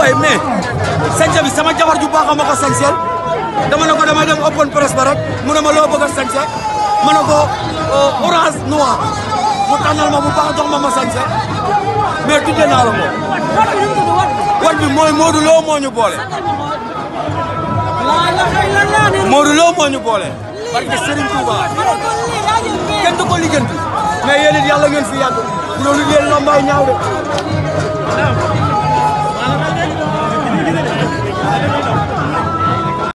waaye mais sañse bi sama jabar ju baax a ma ko sañseel dama ne ko damay dem open press ba rek mu ne ma loo bëgg a ma ne ko euh, orange noir mu tànnal baax jox ma ma sañse mais tuddee naa la ko wat bi mooy Modou Lo moo ñu boole Modou Lo moo ñu boole parce que Serigne Touba kenn du ko liggéey mais yéen it yàlla ngeen fi yàgg loolu yéen lambay ñaaw de